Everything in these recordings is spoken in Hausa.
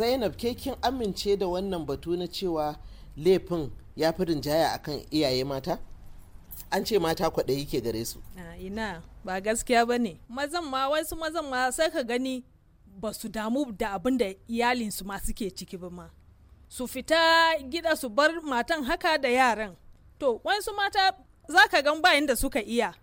zainab ke kin amince da wannan batu na cewa laifin ya fi rinjaya akan iyaye mata an ce mata kwaɗayi ke gare su ina ba gaskiya ba ne mazan ma wasu mazan ma sai ka gani ba su damu da abin da iyalinsu ma suke ciki ba ma su fita gida su bar matan haka da yaran to wasu mata za ka gan bayan da suka iya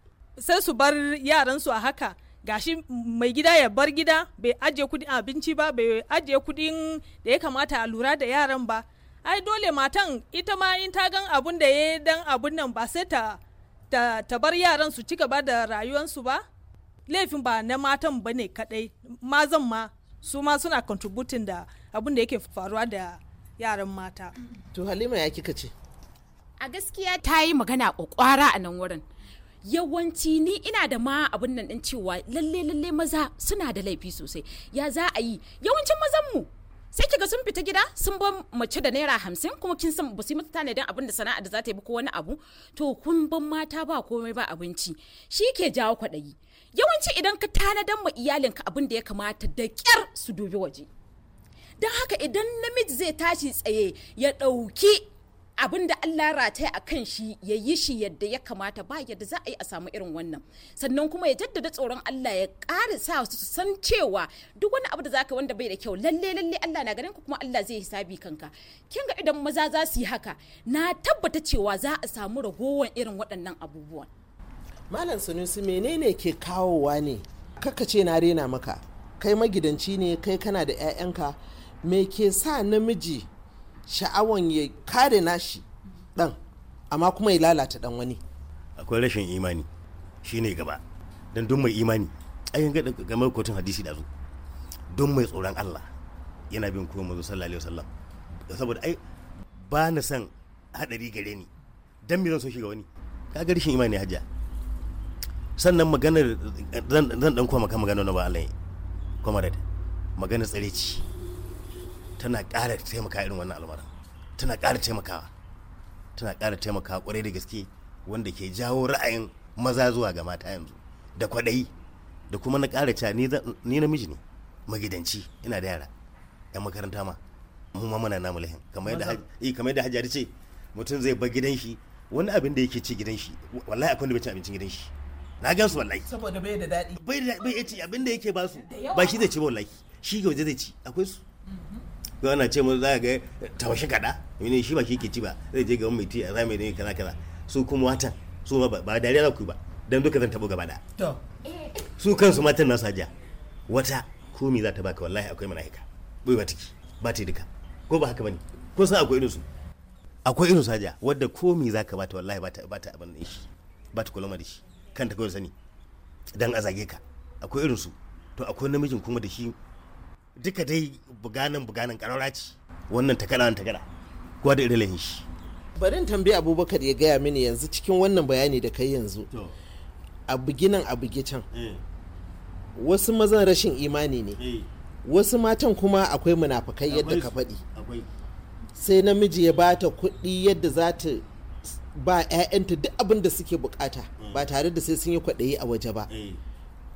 sai su bar yaransu a haka gashi mai gida ya bar gida bai ajiye kudin abinci ba bai ajiye kudin da ya kamata a lura da yaran ba ai dole matan ita ma in ta gan abun da ya dan abun nan ba sai ta ta, bar yaran su ci gaba da rayuwansu ba laifin ba na matan ba ne kadai mazan ma su ma suna contributing da abun da yake faruwa da yaran mata to halima ya kika ce a gaskiya ta yi magana kwakwara a nan wurin yawanci ni ina da ma abin nan din cewa lalle lalle maza suna da laifi sosai ya za a yi yawancin mazan mu sai kiga sun fita gida sun bar mace da naira hamsin kuma kin san ba su yi mata abin da sana'a da za ta yi ko wani abu to kun ban mata ba komai ba abinci shi ke jawo kwaɗayi yawanci idan ka tanadan ma iyalinka abin da ya kamata da kyar su dubi waje don haka idan namiji zai tashi tsaye ya ɗauki abin da Allah ratai a kan shi ya yi shi yadda ya kamata ba yadda za a yi a samu irin wannan sannan kuma ya jaddada tsoron Allah ya ƙara sa su san cewa duk wani abu da zaka wanda bai da kyau lalle lalle Allah na ganin ka kuma Allah zai hisabi kanka kin ga idan maza za su yi haka na tabbata cewa za a samu ragowar irin waɗannan abubuwan malam sunusi menene ke kawowa ne kaka ce na rena maka kai magidanci ne kai kana da 'ya'yanka me ke sa namiji sha'awan ya kare nashi dan amma kuma ya lalata dan wani akwai rashin imani shine gaba dan duk mai imani ayin ga game kotun hadisi da zo don mai tsoron Allah yana bin kuma manzo sallallahu alaihi wasallam saboda ai ba na san hadari gare ni dan me zan so shiga wani kaga rashin imani hajja sannan maganar zan dan kuma maka magana na ba Allah kuma da maganar tsare ce. tana ƙara taimaka irin wannan al'amarin tana ƙara taimakawa tana ƙara taimakawa ƙwarai da gaske wanda ke jawo ra'ayin maza zuwa ga mata yanzu da kwaɗayi da kuma na ƙara cewa ni namiji ne magidanci ina da yara 'yan makaranta ma mu ma muna namu lahin kamar yadda hajjari eh, ce mutum zai bar gidan shi wani abin da yake ci gidan shi wallahi akwai wanda bai ci abincin gidan shi na gan su wallahi saboda bai da daɗi bai da bai ya ci abin da yake ba su ba shi zai ci ba wallahi shi ga waje zai ci akwai su mm-hmm. ko ana ce mu za ga tawashi kada ne shi ba shi ke ci ba zai je ga mai ti a zamani ne kaza kaza su kuma watan su ma ba dariya za ku ba dan duka zan tabo gaba da su kansu matan nasu hajiya wata komi za ta baka wallahi akwai mala'ika bai ba tiki ba ta duka ko ba haka bane ko san akwai irin su akwai irin su hajiya wadda komi za ka bata wallahi ba ta abin shi ba ta ma da shi kanta kawai sani dan a zage ka akwai irin su to akwai namijin kuma da shi duka dai buganin buganin karara ce wannan takada wannan takada kuwa da irin shi barin tambayi abubakar ya gaya mini yanzu cikin wannan bayani da kai yanzu a buginan a bugi can eh. wasu mazan rashin imani ne eh. wasu matan kuma akwai munafukai yadda ka faɗi sai namiji ya bata kuɗi yadda za ta ba 'ya'yanta duk abin da suke bukata eh. ba tare da sai sun yi kwaɗayi a waje ba.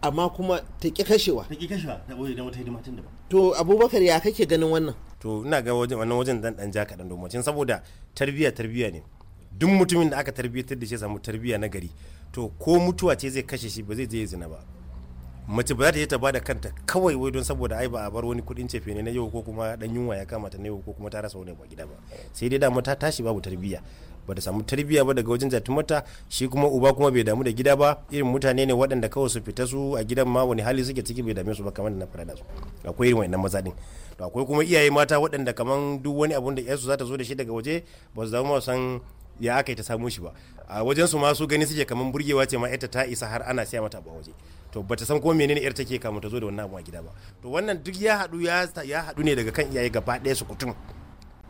amma kuma ta ƙi kashewa ta ƙi kashewa ta ɓoye da wata hidima tun da ba to abubakar ya kake ganin wannan to ina ga wajen wannan wajen dan dan ja kaɗan domin saboda tarbiyya tarbiyya ne duk mutumin da aka tarbiyyatar da shi samu tarbiyya na gari to ko mutuwa ce zai kashe shi ba zai je ya zina ba mace ba za ta je ta bada kanta kawai wai don saboda ai ba a bar wani kudin cefe ne na yau ko kuma dan yunwa ya kamata na yau ko kuma ta rasa wani ba gida ba sai dai dama ta tashi babu tarbiyya ba da samu tarbiyya ba daga wajen mata shi kuma uba kuma bai damu da gida ba irin mutane ne waɗanda kawai su fita su a gidan ma wani hali suke ciki bai dame su ba kamar na fara da su akwai irin wannan maza din to akwai kuma iyaye mata waɗanda kamar duk wani abun da yarsu za ta zo da shi daga waje ba su zama san ya aka yi ta samu shi ba a wajen su ma su gani suke kamar burgewa ce ma ita ta isa har ana siya mata a waje to bata san ko menene yar take kamun ta zo da wannan abu a gida ba to wannan duk ya haɗu ya haɗu ne daga kan iyaye gaba ɗaya su kutum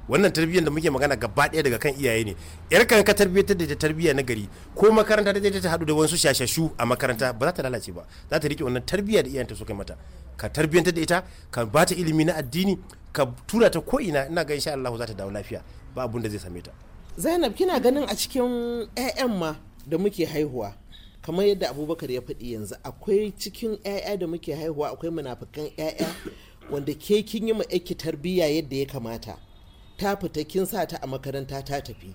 wannan tarbiyyar da muke magana gaba ɗaya daga kan iyaye ne yar kan ka tarbiyyar da ta tarbiyya na gari ko makaranta da ta hadu da wasu shashashu a makaranta ba za ta lalace ba za ta rike wannan tarbiyyar da iyayen ta suka mata ka tarbiyyar da ita ka ba ta ilimi na addini ka tura ta ko ina ina ga insha Allah za ta dawo lafiya ba abun da zai same ta Zainab kina ganin a cikin ƴaƴan ma da muke haihuwa kamar yadda Abubakar ya faɗi yanzu akwai cikin ƴaƴa da muke haihuwa akwai munafikan ƴaƴa wanda ke kin yi ma tarbiyya yadda ya kamata ta fita kin sa ta a makaranta ta tafi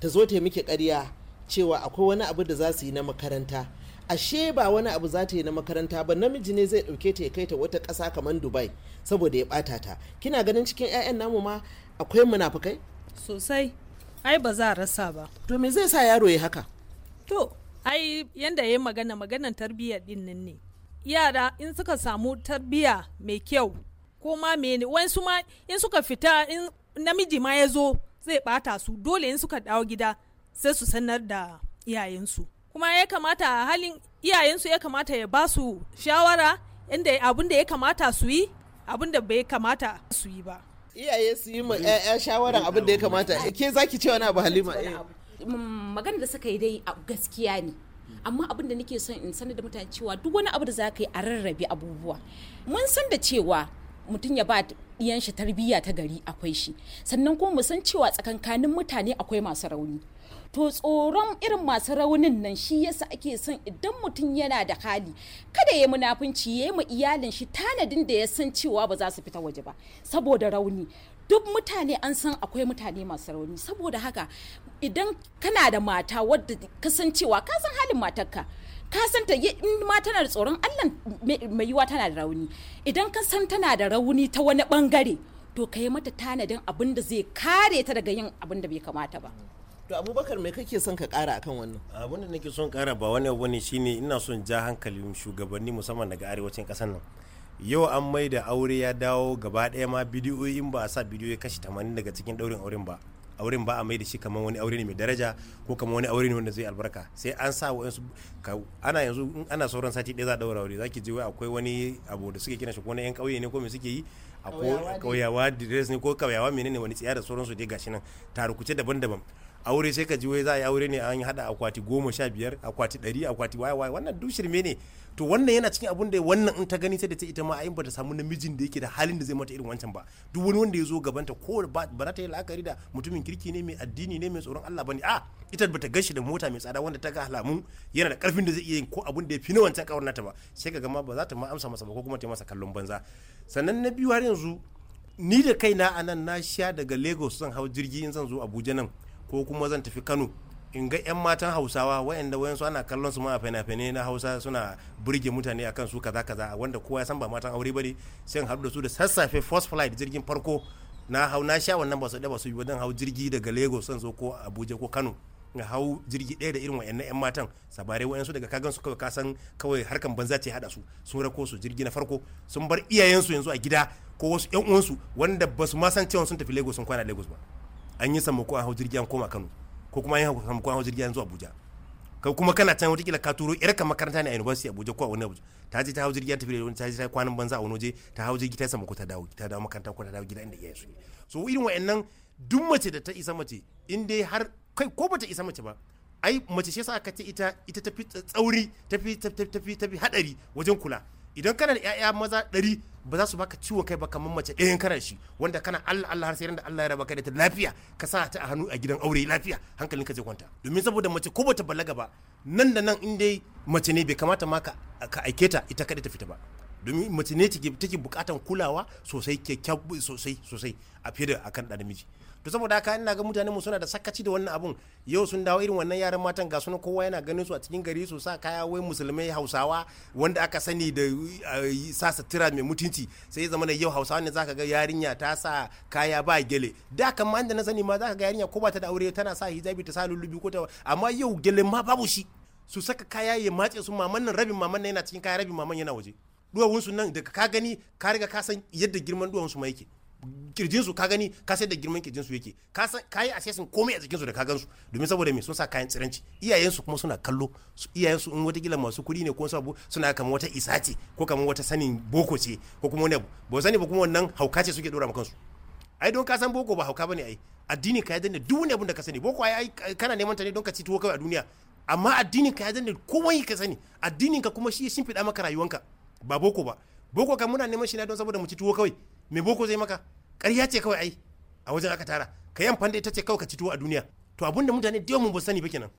ta zo ta miki ƙarya cewa akwai wani abu da za su yi na makaranta ashe ba wani abu za ta yi na makaranta ba namiji ne zai ɗauke ta ya kai ta wata kasa kamar dubai saboda ya bata ta kina ganin cikin 'ya'yan namu ma akwai munafukai sosai ai ba za a rasa ba to me zai sa yaro ya haka to ai yanda ya yi magana maganan tarbiyyar din nan ne yara in suka samu tarbiyya mai kyau ko ma mene wani su ma in suka fita in namiji ma ya zo zai bata su dole in suka dawo gida sai su sanar da iyayensu kuma ya kamata a halin iyayensu ya kamata ya ba su shawara inda abin da ya kamata su yi abin da bai kamata su yi ba iyaye su yi ma 'ya'ya abin da ya kamata ke zaki ce wani abu halima mm, magana da suka yi dai gaskiya ne amma abin da nake son in sanar da mutane cewa duk wani abu da za ka yi a rarrabe abubuwa mun san da cewa mutum ya ba ɗiyan shi tarbiyya ta gari akwai shi sannan kuma mu san cewa tsakankanin mutane akwai masu rauni to tsoron irin masu raunin nan shi yasa ake son idan mutum yana da hali kada ya munafunci ya yi mu iyalin shi tanadin da ya san cewa ba za su fita waje ba saboda rauni duk mutane an san akwai mutane masu rauni saboda haka idan kana da mata wadda kasancewa ka san halin matarka ka san ta in ma tana da tsoron Allah mai yiwa tana da rauni idan ka san tana da rauni ta wani bangare to ka yi mata tanadin abin da zai kare ta daga yin abin da bai kamata ba to abubakar mai kake son ka kara akan wannan abin da nake son kara ba wani abu ne shine ina son ja hankalin shugabanni musamman daga arewacin kasar nan yau an mai da aure ya dawo gaba daya ma bidiyo in ba a sa bidiyo kashi 80 daga cikin daurin auren ba auren ba a mai da shi kamar wani aure ne mai daraja ko kamar wani aure ne wanda zai albarka sai an sa wa'ansu ana yanzu in ana sauran sati ɗaya za a daura aure zaki je wai akwai wani abu da suke kina shi ko na yan ƙauye ne ko me suke yi a ko ƙauyawa ne ko ƙauyawa menene wani tsiya da sauransu dai gashi nan tarukuce daban-daban aure sai ka ji wai za a yi aure ne an hada akwati goma sha biyar akwati ɗari akwati waya waya wannan duk shirme ne to wannan yana cikin abun da wannan in ta gani sai da ta ita ma ayin ba ta samu namijin da yake da halin da zai mata irin wancan ba duk wani wanda ya zo gabanta ko ba za ta yi la'akari da mutumin kirki ne mai addini ne mai tsoron Allah bane a ita bata gashi da mota mai tsada wanda ta ga halamun yana da karfin da zai iya yin ko abun da ya fi na wancan kawar nata ba sai ka gama ba za ta ma amsa masa ba ko kuma ta masa kallon banza sannan na biyu har yanzu ni da kaina a nan na sha daga lagos zan hau jirgi in zan zo abuja nan ko kuma zan tafi kano in ga 'yan matan hausawa wayanda wayansu ana kallon su ma fina-finai na hausa suna burge mutane akan su kaza kaza wanda kowa ya san ba matan aure bane sai in haɗu da su da sassafe first flight jirgin farko na hau na sha wannan ba su da ba su yi wajen hau jirgi daga lagos san zo ko abuja ko kano na hau jirgi ɗaya da irin wayannan 'yan matan sabare wayansu daga kagan su kawai kasan kawai harkan banza ce haɗa su sun rako su jirgi na farko sun bar iyayensu yanzu a gida ko wasu 'yan uwansu wanda ba su ma san cewa sun tafi lagos sun kwana lagos ba an yi sammako an hau jirgi an koma kano ko kuma an yi sammako a hau jirgi an abuja ka kuma kana can wata ka turo ka makaranta ne a university abuja ko a wani abuja ta je ta hau jirgin ta tafi da wani ta je ta kwanan banza a wani waje ta hau jirgi ta sammako ta dawo ta dawo makaranta ko ta dawo gida inda iyayen su so irin wa'annan duk mace da ta isa mace in dai har kai ko bata isa mace ba ai mace shi yasa aka ce ita ita tafi tsauri tafi tafi tafi hadari wajen kula idan kana da 'ya'ya maza ɗari ba za su baka ciwon kai ba kamar mace ɗayan karar shi wanda kana Allah Allah har sai da Allah ya raba kai da ta lafiya ka sa ta a hannu a gidan aure lafiya ka zai kwanta domin saboda mace ko bata balaga ba nan da nan in dai mace ne bai kamata ma ka aike ta ita kada ta fita ba domin mace ne take bukatan kulawa sosai sosai sosai a fiye da akan ɗan namiji to saboda haka ina ga mutane mu suna da sakaci da wannan abun yau sun dawo irin wannan yaran matan ga suna kowa yana ganin su a cikin gari su sa kaya wai musulmai hausawa wanda aka sani da eh, sa sutura mai mutunci sai ya zama da yau hausawa ne zaka ga yarinya ta sa kaya ba gele da ma inda na sani ma zaka ga yarinya ko ba ta da aure tana sa hijabi ta sa lullubi ko ta amma yau gele ma babu shi su saka kaya ya matse su maman nan rabin maman nan yana cikin kaya rabin maman yana waje duwawun su nan daga ka gani ka riga ka san yadda girman duwawun su ma yake kirjinsu ka gani ka sai da girman kirjinsu yake ka yi kai assessing komai a jikinsu da ka gansu domin saboda me sun sa kayan tsiranci iyayensu kuma suna kallo iyayensu in wata masu kuɗi ne ko sabu suna kama wata isa ce ko kama wata sanin boko ce ko kuma wani ba sani ba kuma wannan hauka ce suke dora ma kansu ai don ka san boko ba hauka bane ai addini ka yadda ne duk wani abin da ka sani boko ai kana neman ta ne don ka ci tuwo kawai a duniya amma addini ka yadda ne komai ka sani addinin ka kuma shi ya shimfiɗa maka rayuwanka ba boko ba boko kan muna neman shi na don saboda mu ci tuwo kawai me boko zai maka ƙarya ce kawai ai a wajen aka tara ka yi amfani da ita ce kawai ka ci tuwo a duniya to abin da mutane da yawan mu ba sani ba kenan